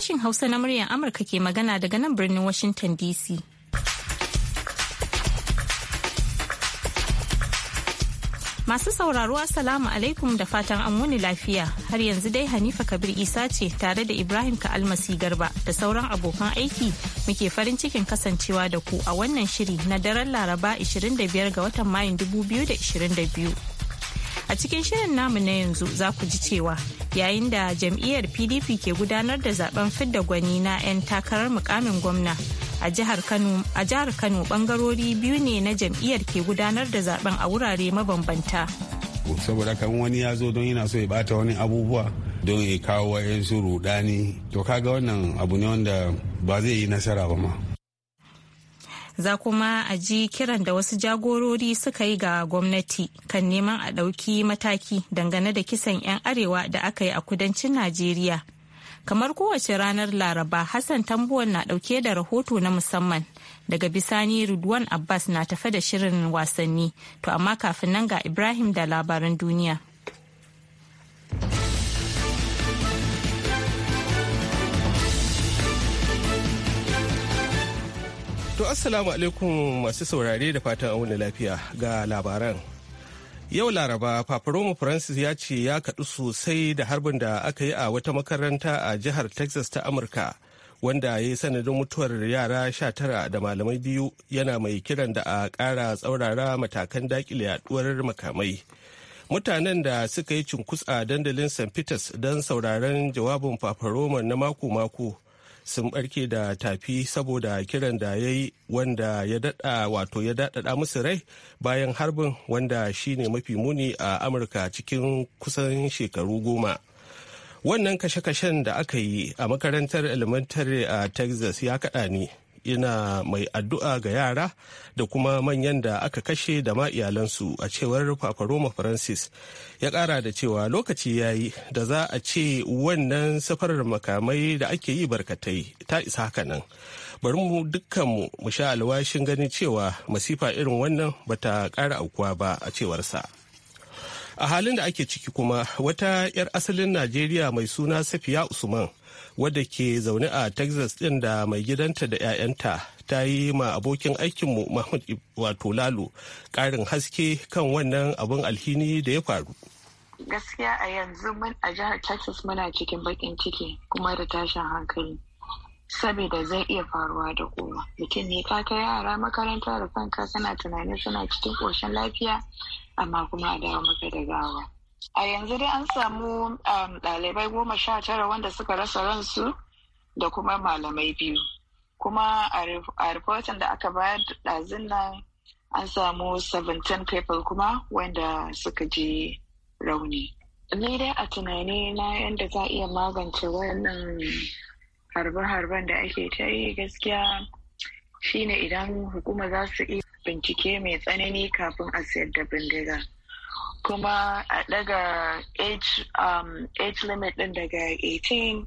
Sashin Hausa na muryar Amurka ke magana daga nan birnin Washington DC. Masu sauraro Assalamu alaikum da fatan an wuni lafiya har yanzu dai Hanifa Kabir Isa ce tare da Ibrahim ka almasi Garba da sauran abokan aiki muke farin cikin kasancewa da ku a wannan shiri na daren Laraba 25 ga watan Mayun 2022. A cikin shirin namu na yanzu za ku ji cewa yayin da jam'iyyar PDP ke gudanar da zaben fidda gwani na 'yan takarar mukamin gwamna a jihar Kano bangarori biyu ne na jam'iyyar ke gudanar da zaben a wurare mabambanta. Saboda kan wani ya zo don yana so ya bata wani abubuwa don ya kawo wa'yansu rudani to kaga wannan abu ne wanda ba zai yi nasara ba ma. za kuma a ji kiran da wasu jagorori suka yi ga gwamnati kan neman a ɗauki mataki dangane da kisan 'yan arewa da aka yi a kudancin najeriya kamar kowace ranar laraba hassan tambuwan na ɗauke da rahoto na musamman daga bisani ridwan abbas na tafe da shirin wasanni to amma kafin nan ga ibrahim da labaran duniya To assalamu alaikum masu saurare da fatan auna lafiya ga labaran. Yau Laraba, Paparoma Francis ya ce ya kaɗu sosai da harbin da aka yi a wata makaranta a jihar Texas ta Amurka, wanda ya yi sanadin mutuwar yara sha tara da malamai biyu yana mai kiran da a ƙara tsaurara matakan daƙile yaɗuwar makamai. Mutanen da suka yi cunkus a dandalin St. Peters don sauraron jawabin Paparoma na mako-mako. sun barke da tafi saboda kiran da ya yi wanda ya dada wato ya daɗaɗa musu rai bayan harbin wanda shine mafi muni a amurka cikin kusan shekaru goma wannan kashe-kashen da aka yi a makarantar elementary a texas ya kaɗa ni. yana mai addu'a ga yara da kuma manyan da aka kashe da ma iyalansu a cewar roma francis ya kara da cewa lokaci ya yi da za a ce wannan safarar makamai da ake yi barkatai ta isa haka nan bari mu dukkanmu mu sha alwashin ganin cewa masifa irin wannan bata kara aukuwa ba a cewarsa. a halin da ake ciki kuma wata 'yar asalin najeriya mai suna safiya usman wadda ke zaune a texas din da mai gidanta da 'ya'yanta ta yi ma abokin aikinmu mahmud wato lalo ƙarin haske kan wannan abin alhini da ya faru gaskiya a yanzu mun a jihar texas muna cikin bakin ciki kuma da tashin hankali saboda zai iya faruwa da kowa mutum ne ka yara makaranta da kanka suna tunani suna cikin koshin lafiya amma kuma a dawo maka da gawa a yanzu dai an samu um, ɗalibai goma sha tara wanda suka rasa ransu da kuma malamai biyu kuma a rahoton da aka bayar ɗazin nan an samu 17 people kuma wanda suka ji rauni ni dai a tunani na yadda za iya magance wannan harbe-harben da ake ta yi gaskiya shine idan hukuma za su iya bincike mai tsanani kafin a sayar da bindiga. kuma a daga um, age, limit din daga 18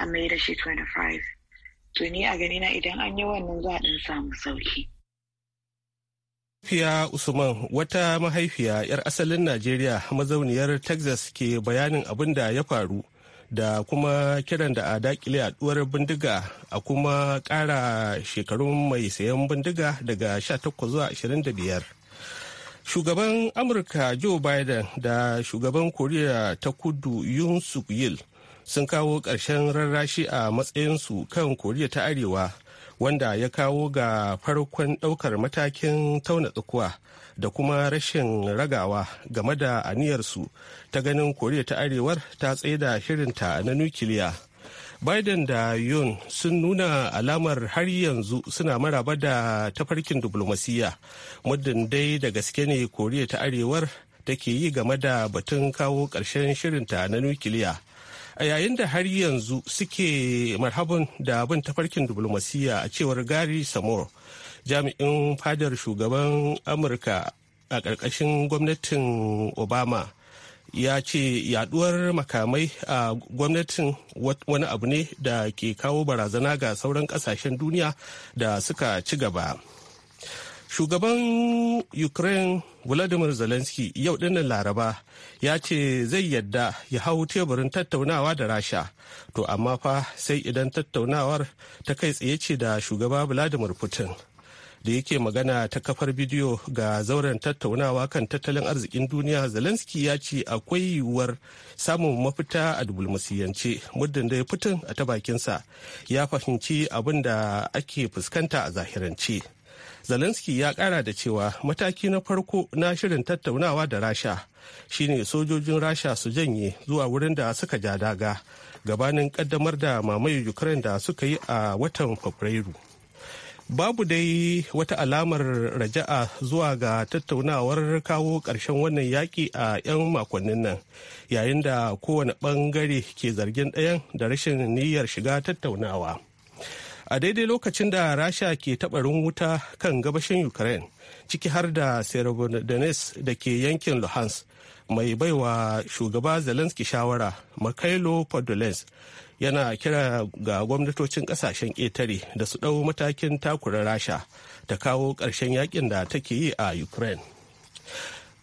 a mai da shi 25 to ni a ganina idan an yi wannan za a samu sauki mahaifiya usman wata mahaifiya 'yar asalin najeriya mazauniyar texas ke bayanin abin da ya faru da kuma kiran da a dakile a yaduwar bindiga a kuma kara shekarun mai sayan bindiga daga 18 zuwa 25 shugaban amurka joe biden da shugaban koriya ta kudu yun suk yil sun kawo ƙarshen rarrashi a matsayinsu kan koriya ta arewa wanda ya kawo ga farkon ɗaukar matakin tauna tsakuwa da kuma rashin ragawa game da aniyarsu ta ganin koriya ta arewar ta tsaida shirinta na nukiliya biden da yun sun nuna alamar har yanzu suna maraba da tafarkin diplomasiya muddin dai da gaske ne koriya ta arewar take yi game da batun kawo ƙarshen shirinta na nukiliya a yayin da har yanzu suke marhabin da bin tafarkin diplomasiya a cewar gary samor jami'in fadar shugaban amurka a ƙarƙashin gwamnatin obama ya ce yaduwar makamai a gwamnatin wani abu ne da ke kawo barazana ga sauran kasashen duniya da suka ci gaba shugaban ukraine vladimir zelensky yau dinnan laraba ya ce zai yadda ya hau teburin tattaunawa da rasha to amma fa sai idan tattaunawar ta kai tsaye ce da shugaba vladimir putin da yake magana ta kafar bidiyo ga zauren tattaunawa kan tattalin arzikin duniya zelensky ya ce akwai yiwuwar samun mafita a dubulmasiyance muddin da ya fitin a ta bakinsa ya fahimci abin da ake fuskanta a zahirance zelensky ya kara da cewa mataki na farko na shirin tattaunawa da rasha shine sojojin rasha su janye zuwa wurin da suka ja daga gabanin kaddamar da mamaye ukraine da suka yi a watan fabrairu babu dai wata alamar raja'a zuwa ga tattaunawar kawo ƙarshen wannan yaƙi a 'yan makonnin nan yayin da kowane ɓangare ke zargin ɗayan da rashin niyyar shiga tattaunawa a daidai lokacin da rasha ke taɓarin wuta kan gabashin ukraine ciki har da serebrenets da ke yankin luhansk mai baiwa shugaba zelensky shawara makailo podolens yana kira ga gwamnatocin kasashen ƙetare da su ɗau matakin takura rasha ta kawo ƙarshen yakin da take yi a ukraine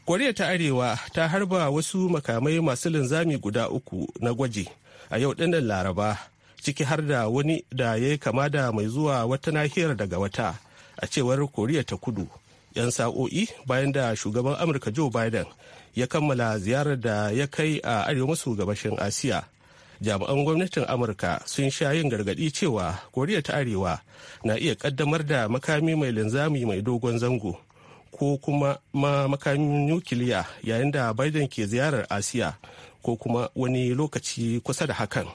koriya ta arewa ta harba wasu makamai masu linzami guda uku na gwaji a yau ɗinnan laraba ciki har da wani da ya yi kama da mai zuwa wata nahiyar daga wata a cewar koriya ta kudu 'yan sa'o'i bayan da shugaban amurka joe biden ya kammala ziyarar da ya kai a arewa maso gabashin asiya jami'an gwamnatin amurka sun sha yin gargadi cewa koriya ta arewa na iya kaddamar da makami mai linzami mai dogon zango ko kuma ma makamin nukiliya yayin da biden ke ziyarar asiya ko kuma wani lokaci kusa da hakan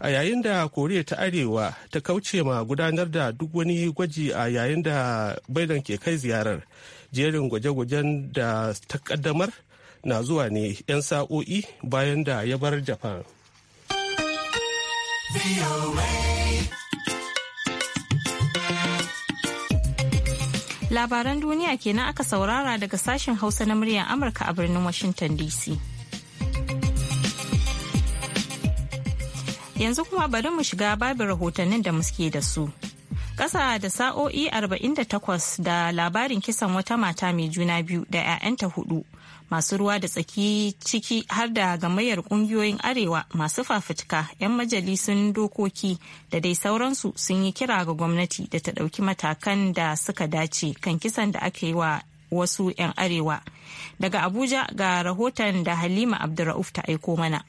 a yayin da koriya ta arewa ta kauce ma gudanar da duk wani gwaji a yayin da biden ke kai ziyarar jerin gwaje-gwajen da ta kaddamar na zuwa ne 'yan sa'o'i bayan da ya bar japan Labaran duniya kenan aka saurara daga sashen Hausa na muryar Amurka a birnin Washington DC. Yanzu kuma bari mu shiga babin rahotannin da muske da su. Ƙasa da sa'o'i 48 da labarin kisan wata mata mai juna biyu da 'ya'yanta hudu. masu ruwa da tsaki ciki har da gamayyar kungiyoyin arewa masu fafutuka 'yan majalisun dokoki da dai sauransu sun yi kira ga gwamnati da ta ɗauki matakan da suka dace kan kisan da aka yi wa wasu 'yan arewa daga abuja ga rahoton da halima abdulrauf ta aiko mana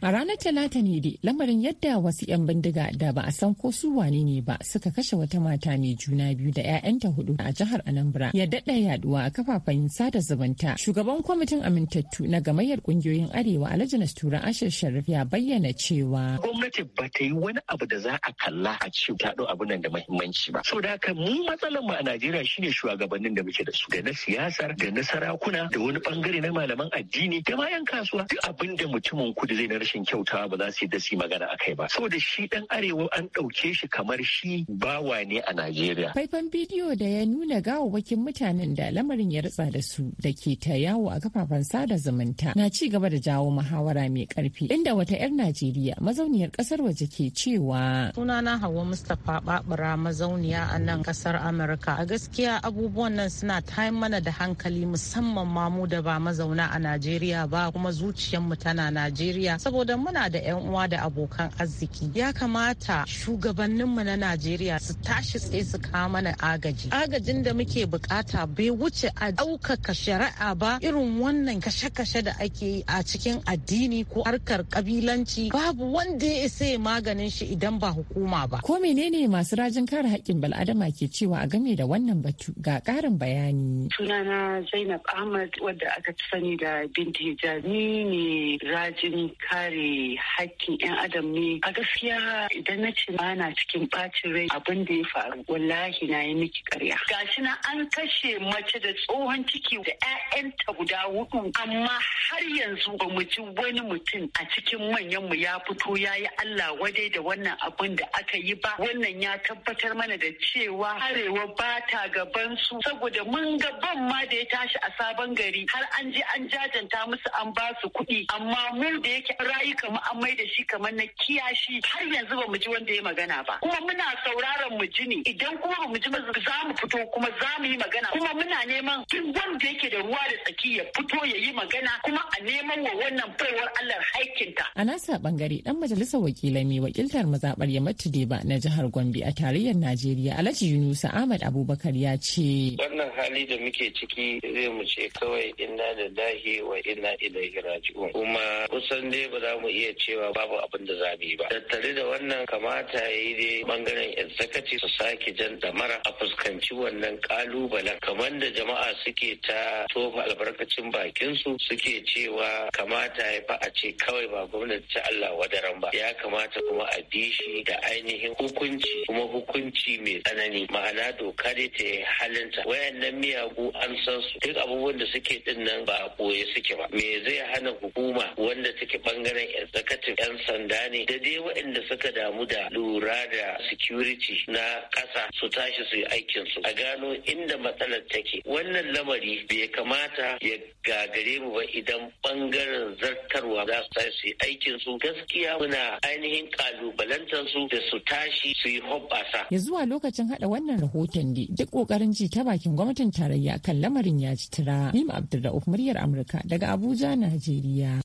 A ranar Talata ne dai lamarin yadda wasu 'yan bindiga da ba a san ko su wane ne ba suka kashe wata mata mai juna biyu da 'ya'yanta hudu a jihar Anambra ya daɗa yaduwa a kafafen sada zumunta. Shugaban kwamitin amintattu na gamayyar Ƙungiyoyin Arewa Alhaji Tura, Ashir Sharif ya bayyana cewa. Gwamnati ba ta yi wani abu da za a kalla a ce ta ɗau abin nan da mahimmanci ba. Saboda haka mu matsalar mu a Najeriya shine shugabannin da muke da su da na siyasar da na sarakuna da wani bangare na malaman addini da bayan kasuwa duk abin da mutumin kudu zai na rashin kyauta ba za su yi da su magana a kai ba saboda shi ɗan arewa an ɗauke shi kamar shi bawa ne a najeriya faifan bidiyo da ya nuna gawawwakin mutanen da lamarin ya ritsa da su da ke ta yawo a kafafen sada zumunta na ci gaba da jawo muhawara mai karfi inda wata 'yar najeriya mazauniyar kasar waje ke cewa sunana hauwa mustapha babura mazauniya a nan ƙasar amurka a gaskiya abubuwan nan suna tayin mana da hankali musamman mamu da ba mazauna a najeriya ba kuma zuciyar mu tana najeriya sabo saboda muna da 'yan uwa da abokan arziki ya kamata shugabanninmu na najeriya su tashi tsaye su kawo mana agaji agajin da muke bukata bai wuce a daukaka shari'a ba irin wannan kashe-kashe da ake yi a cikin addini ko harkar kabilanci babu wanda ya isa maganin shi idan ba hukuma ba ko menene masu rajin kare haƙƙin bal'adama ke cewa a game da wannan batu ga ƙarin bayani sunana zainab ahmad wadda aka sani da binti hijab ni ne rajin kare kare hakkin 'yan adam ne a gaskiya idan na ce na cikin bacin rai abin da ya faru wallahi na yi miki karya gashi na an kashe mace da tsohon ciki da 'ya'yanta guda hudu amma har yanzu ba mu ji wani mutum a cikin manyan mu ya fito ya yi Allah wadai da wannan abin da aka yi ba wannan ya tabbatar mana da cewa arewa ba ta gaban su saboda mun ga ban ma da ya tashi a sabon gari har an je an jajanta musu an ba su kuɗi amma mu da yake yi kamar an mai da shi kamar na kiyashi har yanzu ba mu ji wanda ya magana ba kuma muna sauraron mu ji ne idan kuma ba mu ji za mu fito kuma za mu yi magana kuma muna neman duk wanda yake da ruwa da tsaki ya fito ya yi magana kuma a neman wa wannan baiwar Allah haikinta. A nasa bangare dan majalisar wakilai mai wakiltar mazabar Yamatu ba na jihar Gombe a tarayyar Najeriya Alhaji Yunus Ahmad Abubakar ya ce. Wannan hali da muke ciki zai mu ce kawai inna da dahi wa inna ilaihi raji'un kuma kusan dai ba za mu iya cewa babu abin da za mu yi ba tattare da wannan kamata ya yi dai bangaren yan sakaci su sake jan damara a fuskanci wannan kalubalen kamar da jama'a suke ta tofa albarkacin bakinsu suke cewa kamata ya fa a ce kawai ba gwamnati ta Allah wadaran ba ya kamata kuma a bi shi da ainihin hukunci kuma hukunci mai tsanani ma'ana doka dai ta halinta wayannan miyagu an san su duk abubuwan da suke din nan ba a ɓoye suke ba me zai hana hukuma wanda take ɓangaren bangaren tsakatin 'yan sanda ne da dai waɗanda suka damu da lura da security na ƙasa su tashi su yi su a gano inda matsalar take wannan lamari bai kamata ya gagare mu ba idan bangaren zartarwa za su tashi su yi aikinsu gaskiya muna ainihin kalubalantar su da su tashi su yi hoɓɓasa. ya zuwa lokacin haɗa wannan rahoton ne duk kokarin ji ta bakin gwamnatin tarayya kan lamarin ya ci tura. Nima Abdulra'uf, muryar Amurka daga Abuja, Najeriya.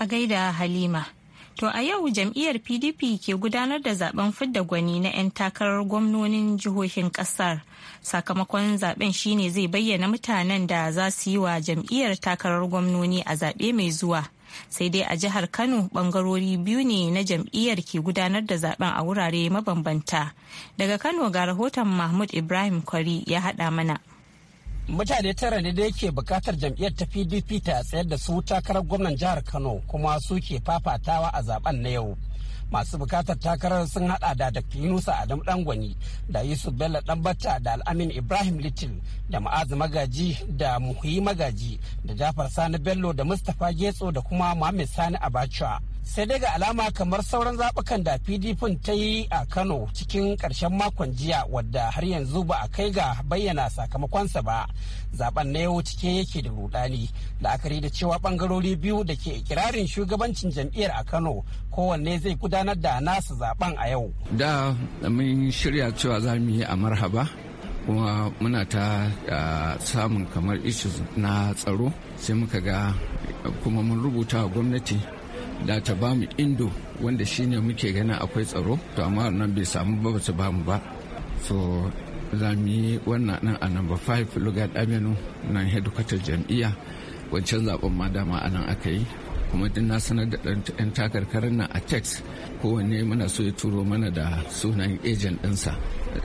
a gaida halima to a yau jam'iyyar pdp ke gudanar da zaben fidda gwani na 'yan takarar gwamnonin jihohin kasar sakamakon zaben shine zai bayyana mutanen da za su yi wa jam'iyyar takarar gwamnoni a zaɓe mai zuwa sai dai a jihar kano bangarori biyu ne na jam'iyyar ke gudanar da zaben a wurare mabambanta daga kano ga rahoton mahmud ibrahim kwari ya haɗa mana mutane tara ne da yake bukatar jam'iyyar ta pdp ta tsayar da su takarar gwamnan jihar kano kuma su ke fafatawa a zaben na yau masu bukatar takarar sun hada da dr yunusa adam dangwani da yusuf bello danbata da al'amin ibrahim little da ma'azu magaji da muhi magaji da jafar sani bello da mustapha getso da kuma muhammed sani abacha sai dai ga alama kamar sauran zaɓukan da pdp ta yi a kano cikin ƙarshen makon jiya wadda har yanzu ba a kai ga bayyana sakamakonsa ba zaben na yau cike yake da rudani la'akari da cewa bangarori biyu da ke ikirarin shugabancin jam'iyyar a kano kowanne zai gudanar da nasa zaben a yau da mun shirya cewa za mu yi a marhaba kuma muna ta samun kamar issues na tsaro sai muka ga kuma mun rubuta wa gwamnati da ta ba mu indo wanda shine muke ganin akwai tsaro to amma wannan bai samu ba ba su ba mu ba so za mu yi wannan nan a number 5 lugar aminu nan hedkwatar jam'iyya wancan zaben ma dama a nan aka yi kuma din na sanar da ɗan takarkarar nan a text kowanne muna so ya turo mana da sunan agent ɗinsa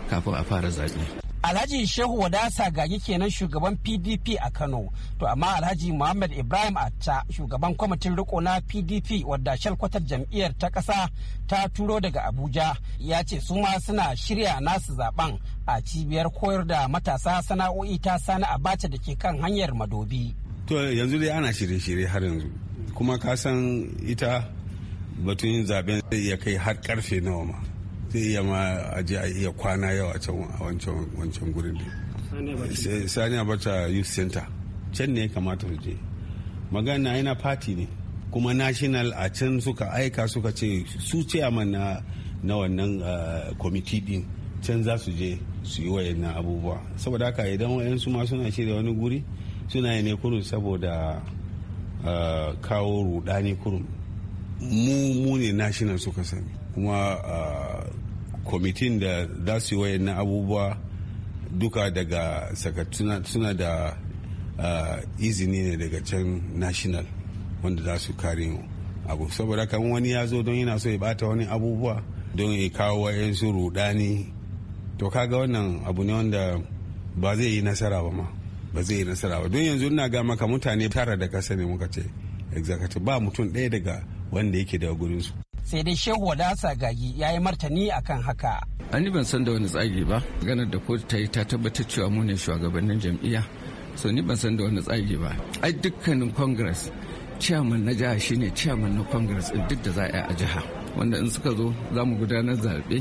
kafin a fara zaɓe. Alhaji Shehu Wadasa Gagi kenan shugaban PDP a Kano. To amma Alhaji Muhammad Ibrahim Atta shugaban kwamitin riko na PDP wadda shalkwatar jam'iyyar ta ƙasa ta turo daga Abuja ya ce su ma suna shirya nasu zaben a cibiyar koyar da matasa sana'o'i ta sani abacha da ke kan hanyar madobi. To yanzu dai ana shirye-shirye har yanzu kuma ka san ita batun zaben zai iya kai har karfe nawa ma. zai iya ma aje a iya kwana yau a can wancan wancan gurin da sani abacha youth center can ne kamata su je magana yana fati ne kuma national a can suka aika suka ce su ce na na wannan eh, committee din can za su je su yi na abubuwa saboda haka idan su ma suna shirya wani guri suna yi ne kurun saboda eh, kawo rudani kurun mu mu ne national suka sani kuma eh, kwamitin da za su yi na abubuwa duka daga sakatuna suna da izini ne daga can national wanda za su kare mu abu saboda kan wani ya zo don yana so ya bata wani abubuwa don ya kawo wayansu rudani to kaga wannan abu ne wanda ba zai yi nasara ba ma ba zai yi nasara ba don yanzu ina ga maka mutane tara da kasa ne muka ce exactly ba mutum ɗaya daga wanda yake da gurinsu sai dai shehu wadasa gagi ya yi martani akan haka an ban san da wani tsagi ba ganar da kotu ta yi ta tabbatar cewa mu ne shugabannin jam'iyya so ni ban san da wani tsagi ba ai dukkanin congress chairman na jiha shine chairman na congress in duk da za a yi a jiha wanda in suka zo za mu gudanar zaɓe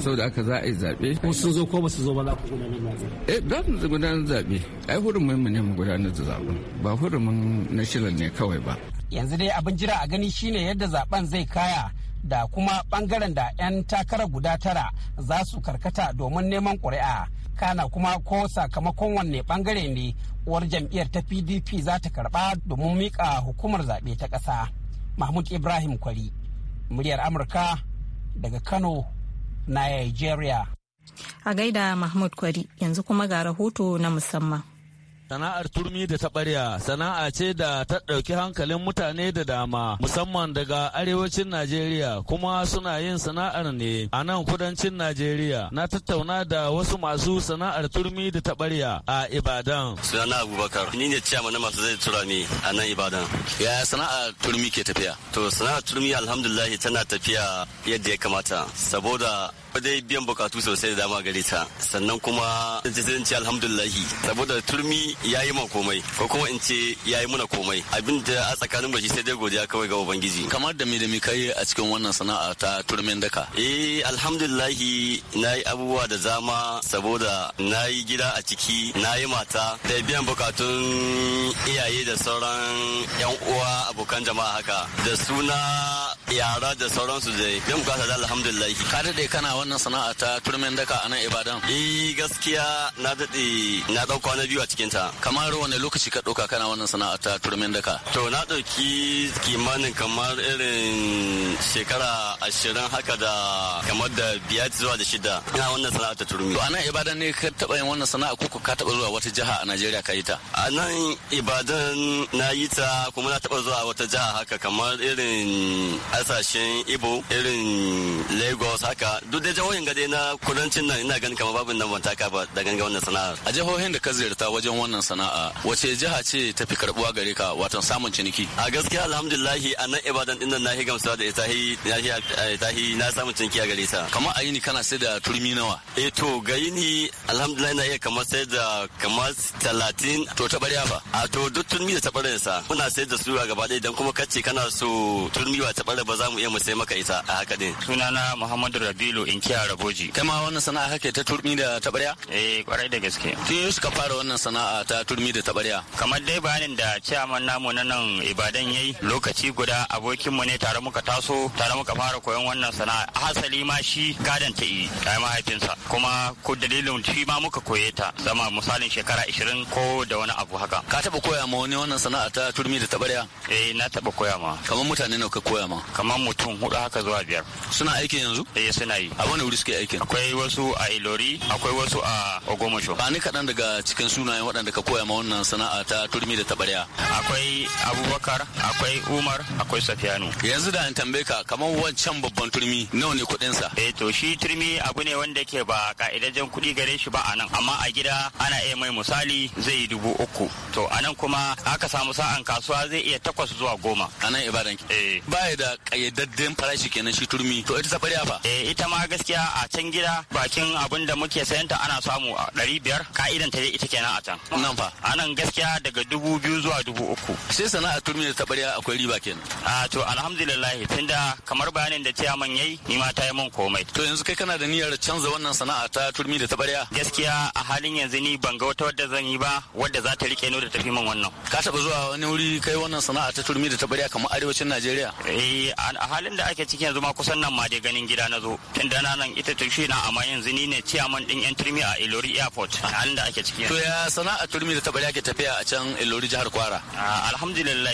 saboda aka za a yi zaɓe. ko sun zo ko ba su zo ba za ku gudanar da zaɓe. eh za mu gudanar zaɓe ai hurumin mu ne mu gudanar da zaɓe ba hurumin na shilan ne kawai ba. yanzu dai abin jira a gani shine yadda zaben zai kaya da kuma bangaren da 'yan takara guda tara za su karkata domin neman ƙuri'a kana kuma ko sakamakon wanne bangare ne uwar jam'iyyar ta pdp za ta karba domin miƙa hukumar zaɓe ta ƙasa mahmud ibrahim kwari muryar amurka daga kano na nigeria a gaida mahmud kwari yanzu kuma ga rahoto na musamman Sana'ar turmi da ta ɓarya sana'a ce da ta ɗauki hankalin mutane da dama musamman daga arewacin Najeriya kuma suna yin sana'ar ne a nan kudancin Najeriya na tattauna da wasu masu sana'ar turmi da ta ɓarya a Ibadan. Sunana Abubakar ni ne ciyama na masu zai tura ni a nan Ibadan. Ya sana'ar turmi ke tafiya? To sana'ar turmi alhamdulillah tana tafiya yadda ya kamata saboda dai biyan bukatu sosai da dama gare ta sannan kuma zan ce alhamdulillahi saboda turmi ya yi ma komai ko kuma in ce ya yi mana komai abin a tsakanin bashi sai dai godiya kawai ga ubangiji kamar da me da me kai a cikin wannan sana'a ta turmin daka eh alhamdulillahi na yi abubuwa da zama saboda na yi gida a ciki na yi mata da biyan bukatun iyaye da sauran yan uwa abokan jama'a haka da suna yara da sauransu zai. don bukata da alhamdulillah ka daɗe kana wannan sana'a ta turmin daka a nan ibadan eh gaskiya na daɗe na ɗau kwana biyu a cikin ta kamar wani lokaci ka ɗauka kana wannan sana'a ta turmin daka to na ɗauki kimanin kamar irin shekara ashirin haka da kamar da biyar zuwa da shida ina wannan sana'a ta turmi to a nan ibadan ne ka taɓa yin wannan sana'a ko ka taɓa zuwa wata jiha a najeriya ka yi ta a nan ibadan na yi ta kuma na taɓa zuwa wata jiha haka kamar irin hasashen ibo irin lagos haka duk da jihohin gade na kudancin nan ina ganin kamar babu nan ka ba da ganga wannan sana'a. a jihohin da ka ziyarta wajen wannan sana'a wace jiha ce ta fi karbuwa gare ka watan samun ciniki a gaskiya alhamdulillahi a nan ibadan din nan nahi gamsuwa da ita hi na eh, samun ciniki a gare ta kamar a yini kana sai da turmi nawa eh to ga yini alhamdulillahi na iya kamar sai da kamar talatin to bari ba a to duk turmi da bari sa muna sai da su a gaba ɗaya idan kuma kace kana so turmi ba bari ba za mu iya mu sai maka ita a haka din sunana muhammadu rabilu in kiya raboji kai ma wannan sana'a kake ta turmi da tabarya eh kwarai da gaske tun yau suka fara wannan sana'a ta turmi da tabarya kamar dai bayanin da ciyaman namu na nan ibadan yayi lokaci guda abokinmu ne tare muka taso tare muka fara koyon wannan sana'a hasali ma shi gadon ta yi a mahaifinsa kuma ko dalilin shi ma muka koye ta zama misalin shekara 20 ko da wani abu haka ka taba koya ma wani wannan sana'a ta turmi da tabarya eh na taba koya ma kamar mutane nawa ka koya ma kamar mutum hudu haka zuwa biyar suna aiki yanzu eh suna yi a wani wuri suke aikin akwai wasu a ilori akwai wasu a ogomosho ba ni kaɗan daga cikin sunayen waɗanda ka koya ma wannan sana'a ta turmi da tabariya. akwai abubakar akwai umar akwai safiyanu yanzu da in tambaye ka kamar wancan babban turmi nawa ne kuɗin sa eh to shi turmi abu ne wanda ke ba ka'idajen kuɗi gare shi ba a nan amma a gida ana iya mai misali zai yi dubu uku to a nan kuma aka samu sa'an kasuwa zai iya takwas zuwa goma a nan ibadan eh baya da kayyadadden farashi kenan shi turmi to ita safariya fa eh ita ma gaskiya a can gida bakin abin da muke sayanta ana samu a ɗari biyar ka'idan ta ita kenan a can nan fa anan gaskiya daga dubu biyu zuwa dubu uku sai sana'a turmi da safariya akwai riba kenan a to alhamdulillah tunda kamar bayanin da man yayi ni ma ta yi mun komai to yanzu kai kana da niyyar canza wannan sana'a ta turmi da taɓarya gaskiya a halin yanzu ni ban ga wata wadda zan yi ba wadda za ta rike ni da tafi min wannan ka taɓa zuwa wani wuri kai wannan sana'a ta turmi da taɓarya kamar arewacin najeriya eh a halin da ake cikin yanzu ma kusan nan ma dai ganin gida na zo tun da nan ita tushe na amma yanzu ni ne ciyaman din yan turmi a Ilori airport a halin da ake ciki to ya sana'a turmi da tabari ake tafiya a can Ilori jihar Kwara alhamdulillah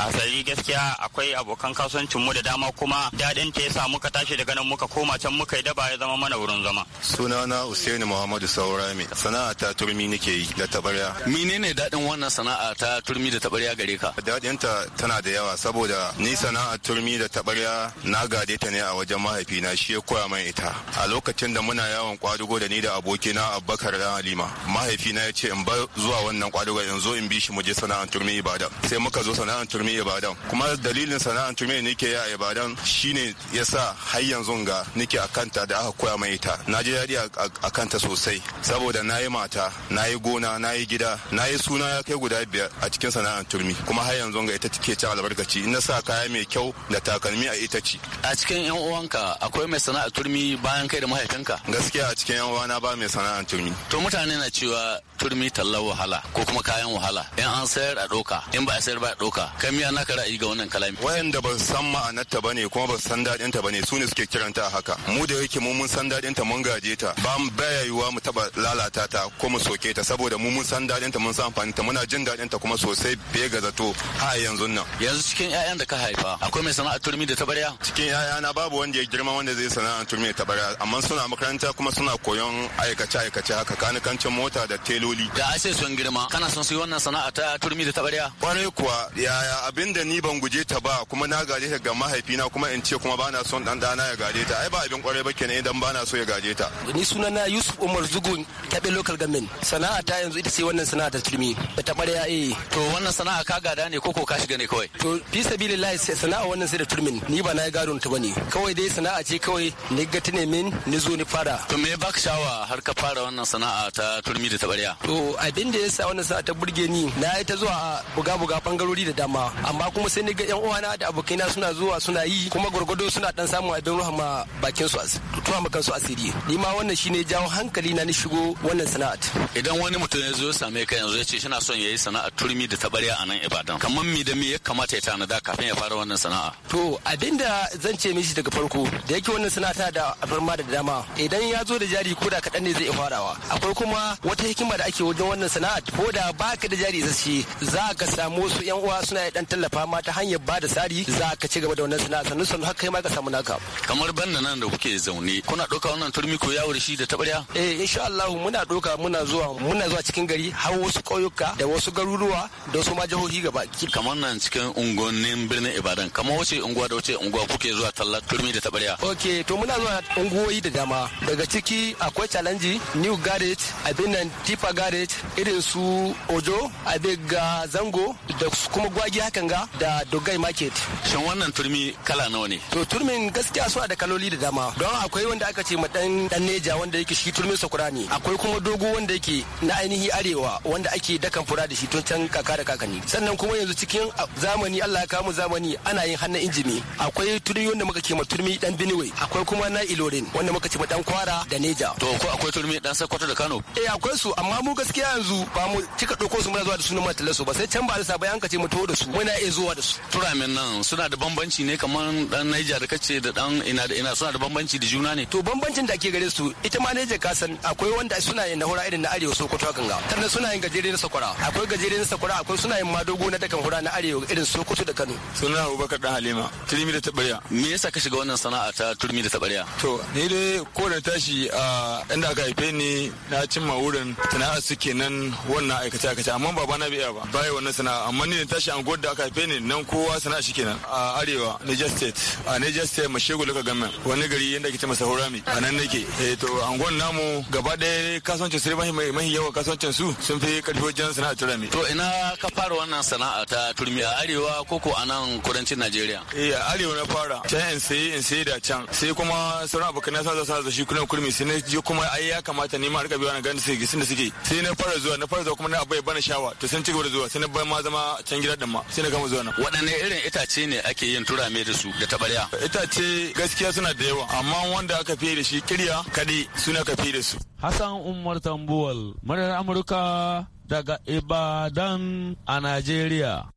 a sari gaskiya akwai abokan kasuwancin mu da dama kuma dadin ta yasa muka tashi daga nan muka koma can muka yi daba ya zama mana wurin zama sunana Usaini Muhammadu Saurami sana'a ta turmi nake yi da tabarya menene dadin wannan sana'a ta turmi da tabarya gare ka dadin ta tana da yawa saboda ni sana'a turmi da tabarya na gade ta ne a wajen mahaifina shi ya koya min ita a lokacin da muna yawon kwadugo da ni da abokina abubakar da halima mahaifina ya ce in ba zuwa wannan kwadugo in zo in bi shi mu je sana'an turmi ibadan sai muka zo sana'an turmi ibadan kuma dalilin sana'an turmi yi ya ibadan shine yasa har yanzu ga nike a kanta da aka koya man ita na ji daɗi a kanta sosai saboda na yi mata na yi gona na yi gida na yi suna ya kai guda biyar a cikin sana'an turmi kuma har yanzu ga ita take cin albarkaci in na sa kaya mai kyau da takalmi a ita ce a cikin yan uwanka akwai mai sana'a turmi bayan kai da mahaifinka gaskiya a cikin yan uwana ba mai sana'a turmi to mutane na cewa turmi tallar wahala ko kuma kayan wahala in an sayar a doka in ba a sayar ba a doka kai miya naka ra'ayi ga wannan kalami wayanda ba san ma'anarta ne kuma ba san dadin ta ne su ne suke kiranta haka mu da yake mu mun san dadin ta mun gaje ta ba mu bayayuwa mu taba lalata ta ko mu soke ta saboda mu mun san dadin ta mun san amfani ta muna jin dadin ta kuma sosai bai ga zato ha yanzu nan yanzu cikin 'ya'yan da ka haifa akwai mai sana'ar a turmi da tabarya cikin yayana babu wanda ya girma wanda zai a turmi da tabarya amma suna makaranta kuma suna koyon aikace aikace haka kanikancin mota da teloli da ashe sun girma kana son su yi wannan sana'a ta turmi da tabarya kwarai kuwa yaya abin da ni ban guje ta ba kuma na gaje ta ga mahaifina kuma in ce kuma bana son dan dana ya gaje ta ai ba abin kwarai ba kenan idan bana so ya gaje ta ni sunana Yusuf Umar Zugun kabe local government sana'a ta yanzu ita ce wannan sana'a ta turmi da tabarya eh to wannan sana'a ka gada ne ko ka shiga ne kawai to fi sabilillahi sana'a wannan sai da turmin ni ba na yi gadon ta bane kawai dai sana'a ce kawai ni ga ta min ni zo ni fara to me baka shawa har ka fara wannan sana'a ta turmi da tabarya to abin da yasa wannan sana'a ta burge ni na yi ta zuwa buga buga bangarori da dama amma kuma sai ni ga yan uwana da abokaina suna zuwa suna yi kuma gwargwado suna dan samun abin ruwa ma bakin su tuwa ma kansu asiri ni ma wannan shine jawo hankali na ni shigo wannan sana'a idan wani mutum ya zo same ka yanzu ya ce shi na son ya yi sana'a turmi da tabarya a nan Ibadan kamar me da me ya kamata ya tanada kafin ya fara wannan sana'a To abinda zan ce mishi daga farko da yake wannan sanata da abarma da dama idan ya zo da jari ko da kaɗan ne zai farawa akwai kuma wata hikima da ake wajen wannan sana'a ko da baka da jari isasshe za ka samu su yan uwa suna dan tallafa ma ta hanyar ba da tsari za ka ci gaba da wannan sana'a sannu sannu haka kai ma ka samu naka. Kamar banda nan da kuke zaune kuna ɗauka wannan turmi ko yawo da shi da taɓarya? Eh insha Allah muna ɗauka muna zuwa muna zuwa cikin gari har wasu ƙauyuka da wasu garuruwa da wasu ma jihohi gaba. Kamar nan cikin unguwannin birnin Ibadan kamar wace wace unguwa da wace unguwa kuke zuwa tallar turmi da tabariya. Ok, to muna zuwa unguwoyi da dama. Daga ciki akwai challenge, new garage, abin nan tipa garage, irin su ojo, abin ga zango, da kuma gwagi hakan ga da dogai market. Shin wannan turmi kala nawa ne? To turmin gaskiya suna da kaloli da dama. Don akwai wanda aka ce ma dan dan neja wanda yake shi turmin sakura ne. Akwai kuma dogo wanda yake na ainihi arewa wanda ake dakan fura da shi tun can kaka da kakanni. Sannan kuma yanzu cikin zamani Allah ya mu zamani ana yin hannun injini akwai turmi wanda muka ce ma turmi dan biniwe akwai kuma na ilorin wanda muka ce ma dan kwara da neja to ko akwai turmi dan sakwato da kano eh akwai su amma mu gaskiya yanzu ba mu cika doko su muna zuwa da sunan matala su ba sai can ba da bayan ka ce mu to da su muna iya zuwa da su turamin nan suna da bambanci ne kamar dan Niger da kace da dan ina da ina suna da bambanci da juna ne to bambancin da ake gare su ita ma neja ka san akwai wanda suna yin hura irin na arewa Sokoto ganga tana suna yin gajere na sakwara akwai gajere na sakwara akwai suna yin madogo na dakan hura na arewa irin Sokoto da Kano suna Abubakar dan Halima ma turmi da tabariya me yasa ka shiga wannan sana'a ta turmi da tabariya to ni dai ko da tashi a inda aka haife ni na cimma wurin sana'a suke nan wannan aikace aikace amma baba na biya ba bai wannan sana'a amma ni tashi an da aka haife ni nan kowa sana'a shi kenan a arewa Niger State a Niger State mashego laka gamen wani gari yanda ke ce masa Horami a nan nake eh to angon namu gaba ɗaya kasuwancin su mai mai yawa kasuwancin su sun fi karfi wajen sana'a turmi to ina ka fara wannan sana'a ta turmi a arewa ko ko a nan kudancin Najeriya eh arewa na fara can in sai in sai da can sai kuma sauran abokan na saza saza shi kuna kurmi sai na je kuma ai ya kamata ni ma rika biyo na ganin su gisin da suke sai na fara zuwa na fara zuwa kuma na abai bana shawa to sun cigaba da zuwa sai na bar ma zama can gidan damma ma sai na gama zuwa nan waɗanne irin itace ne ake yin turame da su da tabarya itace gaskiya suna da yawa amma wanda aka fiye da shi kirya kad'i suna ka fiye da su Hassan Umar Tambuwal, Murar Amurka daga Ibadan a Najeriya.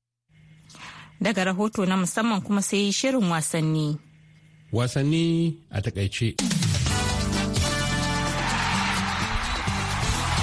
daga rahoto na musamman kuma sai shirin wasanni. Wasanni a takaice.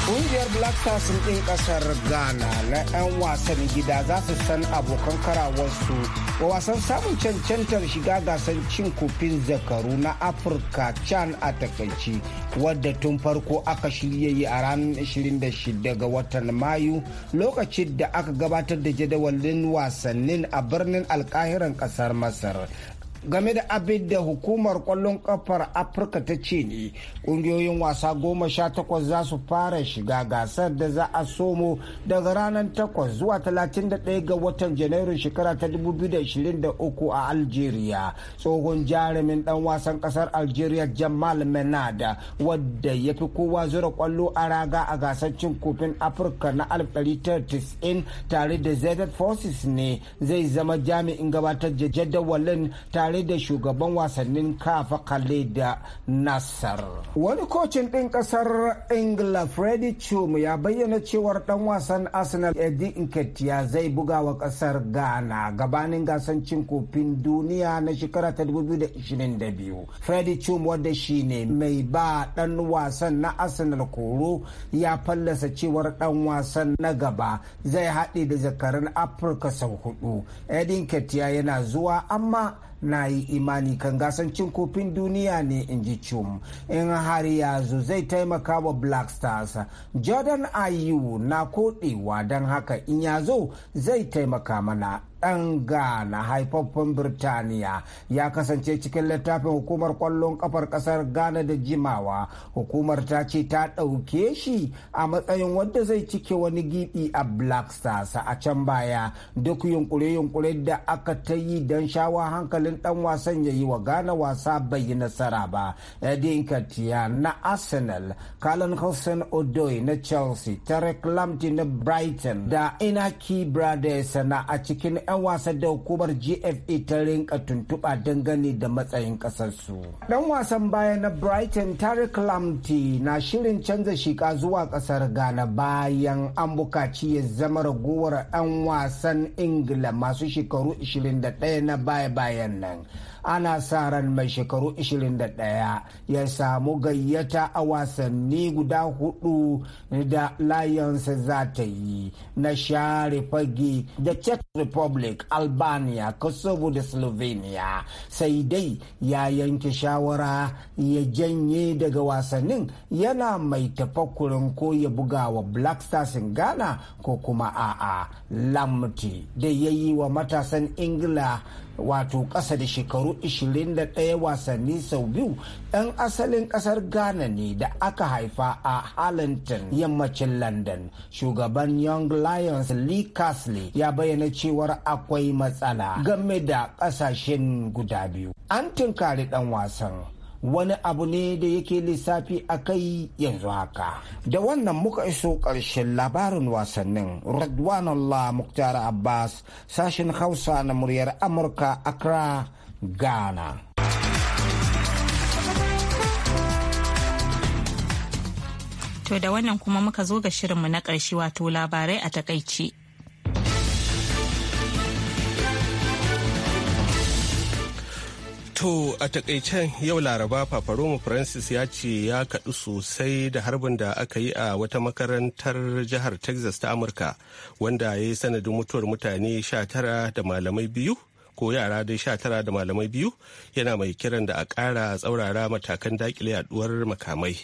Ƙungiyar Black Stars ɗin ƙasar Ghana na 'yan wasan gida za su san abokan karawarsu wa wasan samun cancantar shiga gasar cin kofin zakaru na afirka can a takaici wadda tun farko aka shirya yi a ranar 26 ga watan mayu lokacin da aka gabatar da jadawalin wasannin a birnin alkahiran kasar masar game da abin da hukumar kwallon kafar afirka ta ce ne ƙungiyoyin wasa goma sha takwas za su fara shiga gasar da za a somo daga ranar takwas zuwa talatin da ɗaya ga watan janairun shekara ta dubu biyu da ashirin da uku a algeria tsohon jarumin dan wasan ƙasar algeria jamal menada wadda ya fi kowa zura kwallo a raga a gasar cin kofin afirka na 1990 tare da z forces ne zai zama jami'in gabatar da jadawalin tare tare da shugaban wasannin kafa da nasar wani kocin ɗin ƙasar ingila freddy chum ya bayyana cewar ɗan wasan arsenal eddie nketiah zai buga wa ƙasar ghana gabanin gasan cin kofin duniya na shekara ta 2022 freddy chum wanda shine mai ba ɗan wasan na arsenal koro ya fallasa cewar ɗan wasan na gaba zai haɗe da zakaran afirka sau hudu edin ketiya yana zuwa amma na yi imani kan gasan cin kofin duniya ne in ji cum in har yanzu zai taimaka wa black stars jordan ayu na kodewa don haka in yazo zai taimaka mana ɗan Ghana haifaffen Birtaniya ya kasance cikin littafin hukumar kwallon kafar ƙasar Ghana da jimawa. Hukumar ta ce ta ɗauke shi a matsayin wanda zai cike wani gibi a Black Stars a can baya duk yunkure-yunkure da aka ta yi don shawa hankalin ɗan wasan ya yi wa Ghana wasa bai yi nasara ba. Edin na Arsenal, kalan Hussein Odoi na Chelsea, Tarek lamti na Brighton da Inaki Brothers na a cikin 'yan dan wasan da hukumar gfa ta rinka tuntuɓa dangane da matsayin ƙasarsu ɗan wasan baya na brighton tarik lamti na shirin canza shika zuwa ƙasar ghana bayan an buƙaci ya zama ragowar 'yan wasan ingila masu shekaru 21 na baya-bayan nan ana sa ran mai shekaru 21 ya samu gayyata a wasanni guda hudu da lions za ta yi na share fage da czech republic albania kosovo da slovenia sai dai ya yanke shawara ya janye daga wasannin yana mai tafakurin ko ya buga wa black stars in ghana ko kuma a'a lamti da ya yi wa matasan ingila wato ƙasa da shekaru 21 wasanni sau biyu ɗan asalin ƙasar ghana ne da aka haifa a Harlington yammacin London. Shugaban Young Lions Lee Casley ya bayyana cewar akwai matsala game da ƙasashen guda biyu. An tunkari ɗan wasan. wani abu ne da yake lissafi a kai yanzu haka da wannan muka iso ƙarshen labarin wasannin Allah muktar abbas sashen hausa na muryar amurka accra ghana to da wannan kuma muka zo ga shirinmu na ƙarshe wato labarai a takaici To a takaicen yau laraba Paparoma Francis ya ce ya kaɗu sosai da harbin da aka yi a wata makarantar jihar Texas ta Amurka wanda ya yi sanadin mutuwar mutane 19 da malamai biyu ko yara dai 19 da malamai biyu yana mai kiran da a ƙara tsaurara matakan dakile yaduwar makamai.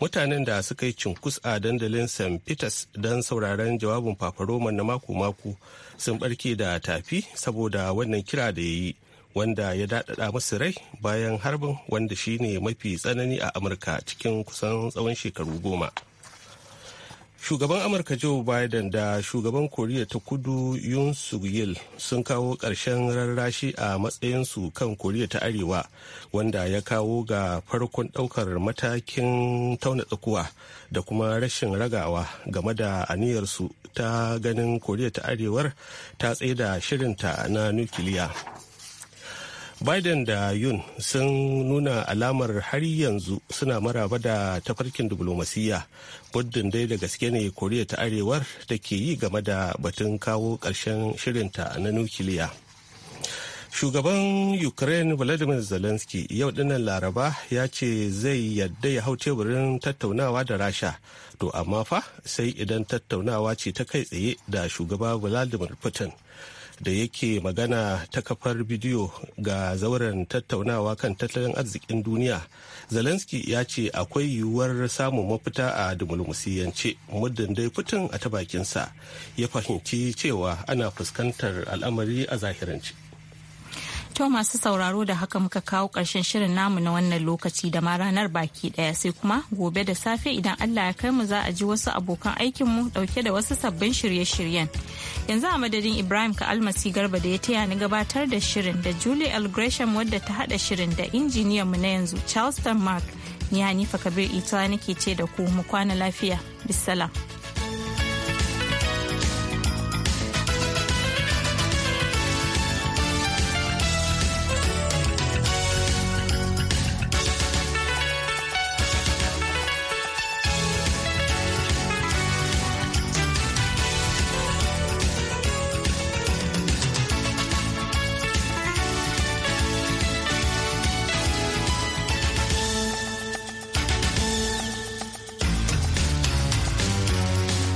Mutanen da suka yi cinkus a dandalin St. Peters don sauraron jawabin Paparoma na mako-mako sun barke da tafi saboda wannan kira da ya yi. wanda ya daɗaɗa masu rai bayan harbin wanda shine mafi tsanani a amurka cikin kusan tsawon shekaru goma shugaban amurka joe biden da shugaban koriya ta kudu yun suk yil sun kawo ƙarshen rarrashi a matsayinsu kan koriya ta arewa wanda ya kawo ga farkon ɗaukar matakin tauna tsakuwa da kuma rashin ragawa game da aniyarsu ta ganin koriya ta arewar ta tsaida shirinta na nukiliya biden da yun sun nuna alamar har yanzu suna maraba da tafarkin diplomasiyya muddin dai da gaske ne koriya ta arewar da ke yi game da batun kawo ƙarshen shirinta na nukiliya shugaban ukraine vladimir zelensky yau dinnan laraba ya ce zai yadda ya hau teburin tattaunawa da rasha to amma fa sai idan tattaunawa ce ta kai tsaye da shugaba vladimir putin da yake magana ta kafar bidiyo ga zauren tattaunawa kan tattalin arzikin duniya zelensky ya ce akwai yiwuwar samun mafita a dumulmusiyance muddin dai fitin a ta bakinsa ya fahimci cewa ana fuskantar al'amari a zahirance To masu sauraro da haka muka kawo ƙarshen shirin namu na wannan lokaci da ma ranar baki ɗaya sai kuma gobe da safe idan Allah ya kai mu za a ji wasu abokan aikinmu ɗauke da wasu sabbin shirye-shiryen. Yanzu a madadin Ibrahim ka almasi garba da ya taya ni gabatar da shirin da Julie L. Gresham wadda ta haɗa shirin da injiniyan mu na yanzu Charleston Mark. Ni Hanifa Kabir Ita nake ce da ku mu kwana lafiya. Bisalam.